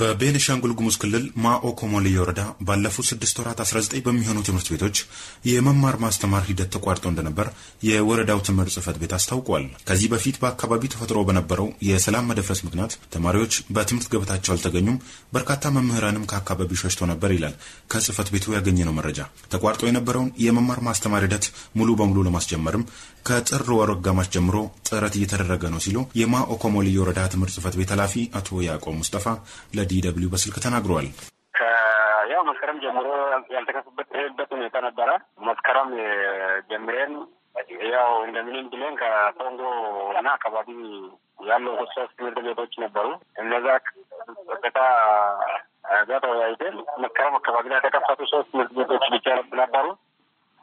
በቤኒሻንጉል ጉሙዝ ክልል ማኦ ኮሞሌ ወረዳ ባለፉት ስድስት ወራት 19 በሚሆኑ ትምህርት ቤቶች የመማር ማስተማር ሂደት ተቋርጦ እንደነበር የወረዳው ትምህርት ጽህፈት ቤት አስታውቋል። ከዚህ በፊት በአካባቢው ተፈጥሮ በነበረው የሰላም መደፍረስ ምክንያት ተማሪዎች በትምህርት ገበታቸው አልተገኙም፣ በርካታ መምህራንም ከአካባቢው ሸሽቶ ነበር ይላል ከጽህፈት ቤቱ ያገኘነው መረጃ። ተቋርጦ የነበረውን የመማር ማስተማር ሂደት ሙሉ በሙሉ ለማስጀመርም ከጥር ወር አጋማሽ ጀምሮ ጥረት እየተደረገ ነው ሲሉ የማኦ ኮሞሌ ወረዳ ትምህርት ጽህፈት ቤት ኃላፊ አቶ ያዕቆብ ሙስጠፋ ለዲደብሊው በስልክ ተናግረዋል። ያው መስከረም ጀምሮ ያልተከፍበት ሁኔታ ነበረ። መስከረም ጀምሬን ያው እንደምንም ብለን ከቶንጎ እና አካባቢ ያለው ሶስት ትምህርት ቤቶች ነበሩ። እነዛ ቀጥታ ጋር ተወያይተን መስከረም አካባቢ ላይ የተከፈቱ ሶስት ትምህርት ቤቶች ብቻ ነበሩ።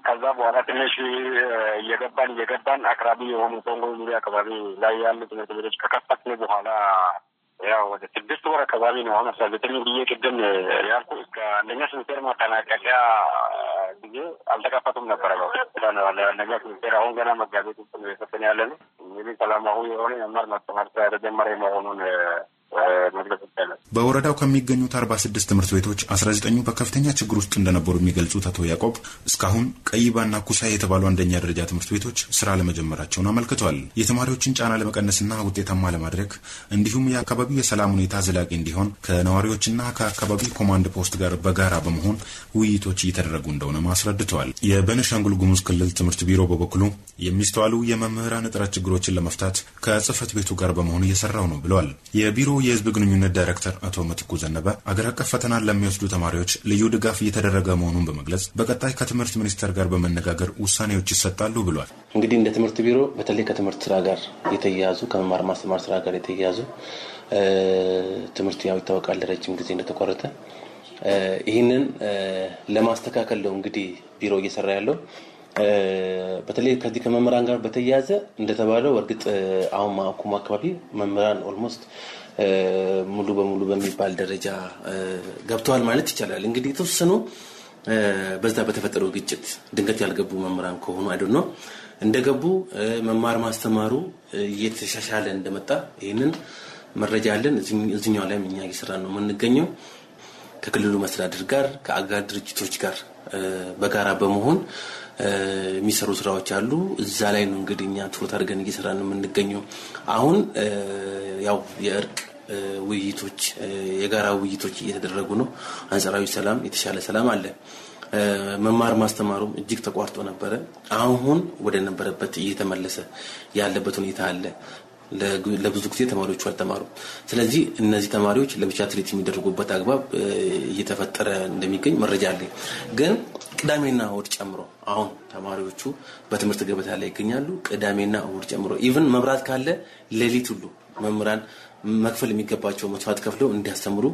ከዛ በኋላ ትንሽ እየገባን እየገባን አቅራቢ የሆኑ ቶንጎ ዙሪያ አካባቢ ላይ ያሉ ትምህርት ቤቶች ከከፈትን በኋላ ያው ወደ ስድስት ወር አካባቢ ነው አሁን አስራ ዘጠኝ ብዬ ቅድም ያልኩ እስከ አንደኛ ሴሚስተር ማጠናቀቂያ ጊዜ አልተከፈቱም ነበረ። ለአንደኛ ሴሚስተር አሁን ገና መጋቤት ውስጥ ነው የሰጠን ያለ ነው። እንግዲህ ሰላማዊ የሆነ መማር ማስተማር ተጀመረ መሆኑን መግለጽ ይቻላል። በወረዳው ከሚገኙት አርባ ስድስት ትምህርት ቤቶች አስራ ዘጠኙ በከፍተኛ ችግር ውስጥ እንደነበሩ የሚገልጹት አቶ ያዕቆብ እስካሁን ቀይባና ኩሳ የተባሉ አንደኛ ደረጃ ትምህርት ቤቶች ስራ ለመጀመራቸውን አመልክቷል። የተማሪዎችን ጫና ለመቀነስና ውጤታማ ለማድረግ እንዲሁም የአካባቢው የሰላም ሁኔታ ዘላቂ እንዲሆን ከነዋሪዎችና ከአካባቢው ኮማንድ ፖስት ጋር በጋራ በመሆን ውይይቶች እየተደረጉ እንደሆነ አስረድተዋል። የበነሻንጉል ጉሙዝ ክልል ትምህርት ቢሮ በበኩሉ የሚስተዋሉ የመምህራን እጥረት ችግሮችን ለመፍታት ከጽህፈት ቤቱ ጋር በመሆን እየሰራው ነው ብለዋል። የቢሮው የህዝብ ግንኙነት ዳይሬክተር አቶ መትኩ ዘነበ አገር አቀፍ ፈተናን ለሚወስዱ ተማሪዎች ልዩ ድጋፍ እየተደረገ መሆኑን በመግለጽ በቀጣይ ከትምህርት ሚኒስቴር ጋር በመነጋገር ውሳኔዎች ይሰጣሉ ብሏል። እንግዲህ እንደ ትምህርት ቢሮ በተለይ ከትምህርት ስራ ጋር የተያያዙ ከመማር ማስተማር ስራ ጋር የተያያዙ ትምህርት ያው ይታወቃል ለረጅም ጊዜ እንደተቋረጠ ይህንን ለማስተካከል ነው እንግዲህ ቢሮ እየሰራ ያለው በተለይ ከዚህ ከመምህራን ጋር በተያያዘ እንደተባለው እርግጥ አሁን ማኩም አካባቢ መምህራን ኦልሞስት ሙሉ በሙሉ በሚባል ደረጃ ገብተዋል ማለት ይቻላል። እንግዲህ የተወሰኑ በዛ በተፈጠረው ግጭት ድንገት ያልገቡ መምህራን ከሆኑ አይደ ነው እንደገቡ መማር ማስተማሩ እየተሻሻለ እንደመጣ ይህንን መረጃ አለን። እዚኛው ላይም እኛ እየሰራ ነው የምንገኘው። ከክልሉ መስተዳድር ጋር ከአጋር ድርጅቶች ጋር በጋራ በመሆን የሚሰሩ ስራዎች አሉ። እዛ ላይ ነው እንግዲህ እኛ ትኩረት አድርገን እየሰራ ነው የምንገኘው። አሁን ያው የእርቅ ውይይቶች፣ የጋራ ውይይቶች እየተደረጉ ነው። አንጻራዊ ሰላም፣ የተሻለ ሰላም አለ። መማር ማስተማሩም እጅግ ተቋርጦ ነበረ። አሁን ወደ ነበረበት እየተመለሰ ያለበት ሁኔታ አለ። ለብዙ ጊዜ ተማሪዎቹ አልተማሩ ስለዚህ እነዚህ ተማሪዎች ለብቻ ትሪት የሚደረጉበት አግባብ እየተፈጠረ እንደሚገኝ መረጃ አለ። ግን ቅዳሜና እሁድ ጨምሮ አሁን ተማሪዎቹ በትምህርት ገበታ ላይ ይገኛሉ። ቅዳሜና እሁድ ጨምሮ ኢቭን መብራት ካለ ሌሊት ሁሉ መምህራን መክፈል የሚገባቸው መስዋዕት ከፍለው እንዲያስተምሩ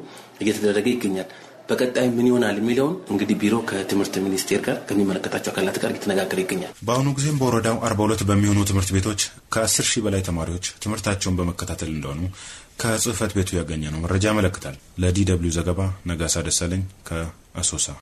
እየተደረገ ይገኛል። በቀጣይ ምን ይሆናል የሚለውን እንግዲህ ቢሮ ከትምህርት ሚኒስቴር ጋር ከሚመለከታቸው አካላት ጋር እየተነጋገረ ይገኛል። በአሁኑ ጊዜም በወረዳው አርባ ሁለት በሚሆኑ ትምህርት ቤቶች ከአስር ሺህ በላይ ተማሪዎች ትምህርታቸውን በመከታተል እንደሆኑ ከጽህፈት ቤቱ ያገኘ ነው መረጃ ያመለክታል። ለዲ ደብልዩ ዘገባ ነጋሳ ደሳለኝ ከአሶሳ